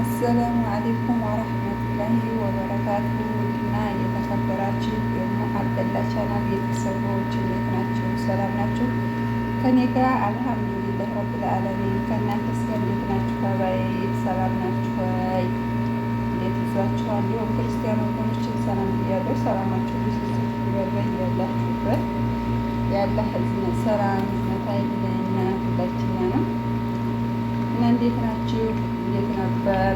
አሰላሙ አሌይኩም ወረህመቱላሂ ወበረካቱ እና የተከበራችሁ የሙአበላ ቻናል ቤተሰቦች እንዴት ናቸው? ሰላም ናቸው? ከኔ ጋር አልሐምዱሊላህ ረብል ዓለሚን። ከእናንተስ እንዴት ናችሁ? ባባይ ሰላም ናችሁ? እንዴት ይዟችኋል? ይኸው ክርስቲያን ወገኖችን ሰላም እያለሁ ሰላማችሁ በያላችሁበት ያለ ህዝነት ስራ ህዝነት ይለኛ ሁላችኛ ነው እና እንዴት ናችሁ? እንዴት ነበር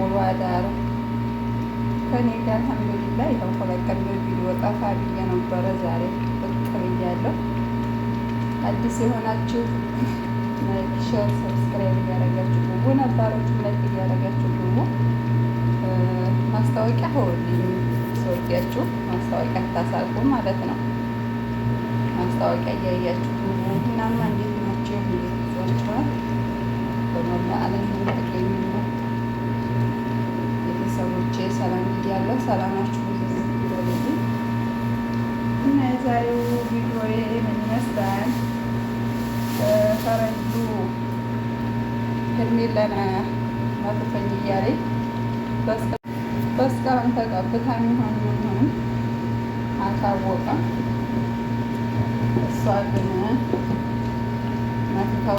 ውሎ አዳር? ከኔ ጋር አልሐምዱሊላ ይኸው ተለቀም ቪዲዮ ጠፋ ብዬ ነበረ። ዛሬ ብቅ ብያለሁ። አዲስ የሆናችሁ ላይክ፣ ሼር፣ ሰብስክራይብ እያደረጋችሁ ግቡ። ነባሮች ላይክ እያደረጋችሁ ግቡ። ማስታወቂያ ሆልኝ እያስወጊያችሁ ማስታወቂያ አታሳልፉ ማለት ነው። ማስታወቂያ እያያችሁ እናማ እንዴት ናቸው ይዟቸዋል። በሞላ ዓለም የምትገኙ ቤተሰቦቼ ሰላም እያለሁ ሰላማችሁ ይበሉ እና የዛሬው ቪዲዮ ምን ይመስላል? ፈረንጁ እያለኝ በእስካሁን ተቀብታ የሚሆን ምንም አልታወቀም። እሷ ግን መጥተው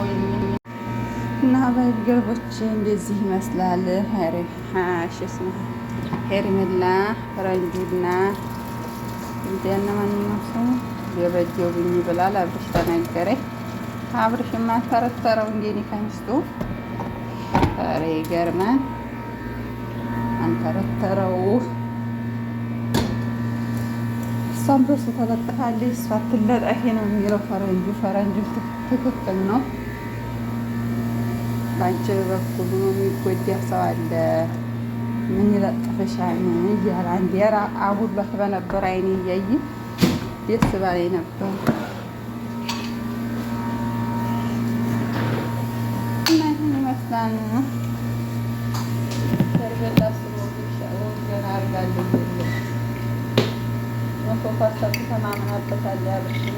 እና በገቦች እንደዚህ ይመስላል። ሽስማ ሄርሜላ ፈረንጁና እንዲያነ ማንኛውም የበጀው ብኝ ብላል አብርሽ ተናገረ። አብርሽማ ተረተረው እንዴ ከሚስቱ ኧረ ይገርማል። አንተረተረው። እሷም በሱ ተለጥፋለች። እሷ አትለጠፊ ነው የሚለው ፈረንጁ። ፈረንጁ ትክክል ነው። በአንቺ በኩል ነው የሚጎዳ ሰው አለ። ምን ይለጥፍሻል? እያለ አንድ የራ አቡላት በነበር አይኔ እያየ ደስ ነበር። እና ይህን ይመስላል። እላለሁ። መቶ ፐርሰንት ተማምናበታለሁ አብሽር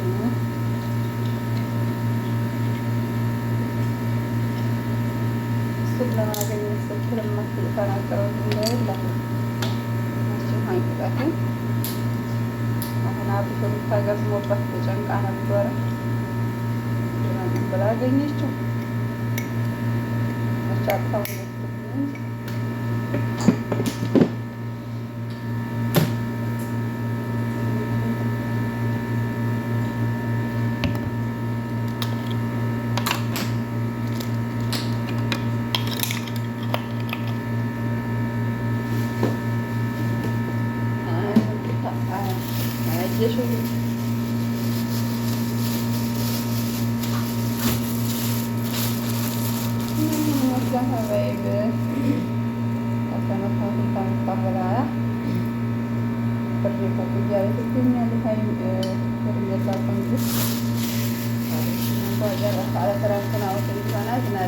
እሱን ለማገኘት ስትል የማትጠናቀረው እንዳይላለ እሱም አይቅጣትም። አሁን አብሽር ተገዝሞባት ተጨንቃ ነበረ ብላ አገኘችው መቻጣው deixa eu ver. Hasta nos juntamos para jugar. Pergi kopi jari sepinya di kain kerja takon itu. ada kenal sendiri sana, kenal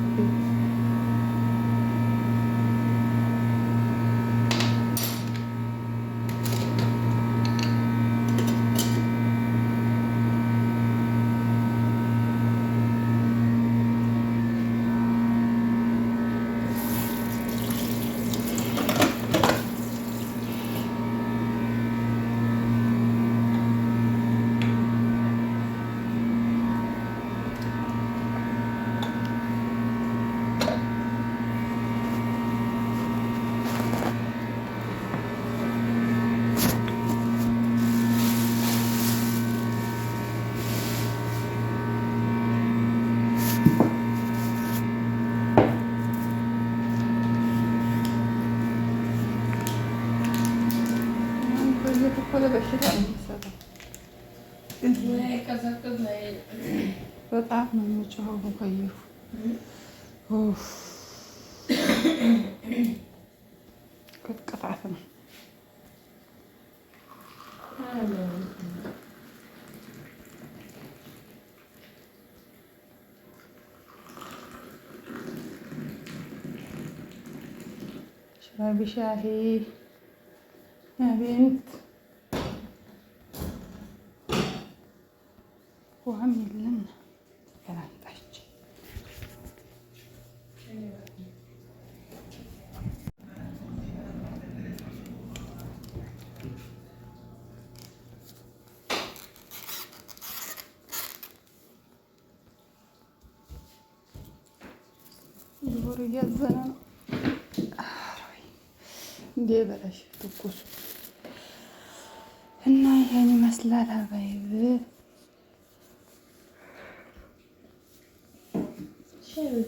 በሽታ ነው የሚሰራው። በጣም ነው የሚጮኸው ሙከይሩ ቅጥቅጣት ነው። ሻቢ ሻሂ ያ ቤንት ውሃም የለም። ገላምጣች ዞር እያዘነ ነው እንዴ በላሽ ትኩሱ እና ይህን ይመስላል አባይብ እና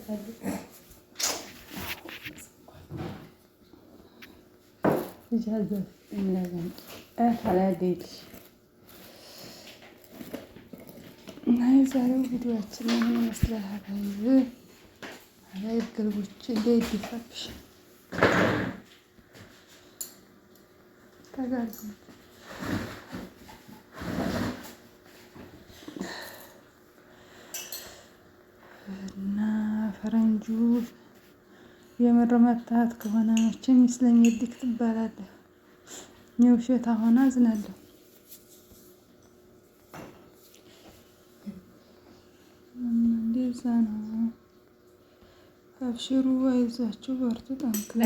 የዛሬው ቪዲዮችን ምን ይመስላል? አላይ ግልቦች እንዴት ይፈብሽ ተጋርጉ ልጁ የምር መታት ከሆነ መቼም ስለሚድክ ትባላለህ። የውሸት አሁን አዝናለሁ። እንደዛ ነው። አብሽሩ፣ አይዟችሁ፣ በርቱ፣ ጠንክሩ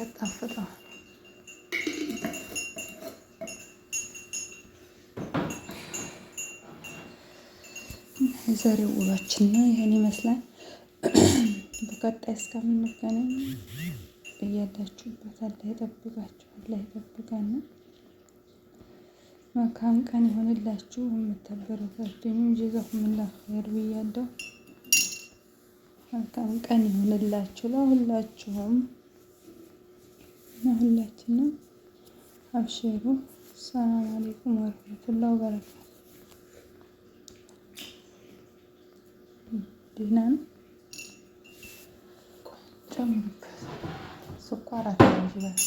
ያጣፍጠዋል። የዛሬው ውሏችን ነው ይህን ይመስላል። በቀጣይ እስከምንገናኝ እያላችሁበት አላህ ይጠብቃችሁ፣ አላህ ይጠብቀን። መልካም ቀን ይሆንላችሁ። የምታበረታቱኝ ጀዛኩሙላህ ኸይር ብያለሁ። መልካም ቀን ይሆንላችሁ ለሁላችሁም። ሁላችንም አብሽሩ። ሰላም አለይኩም ወረህመቱላሂ ወበረካቱ። ደህና ነው። ስኳር አትበል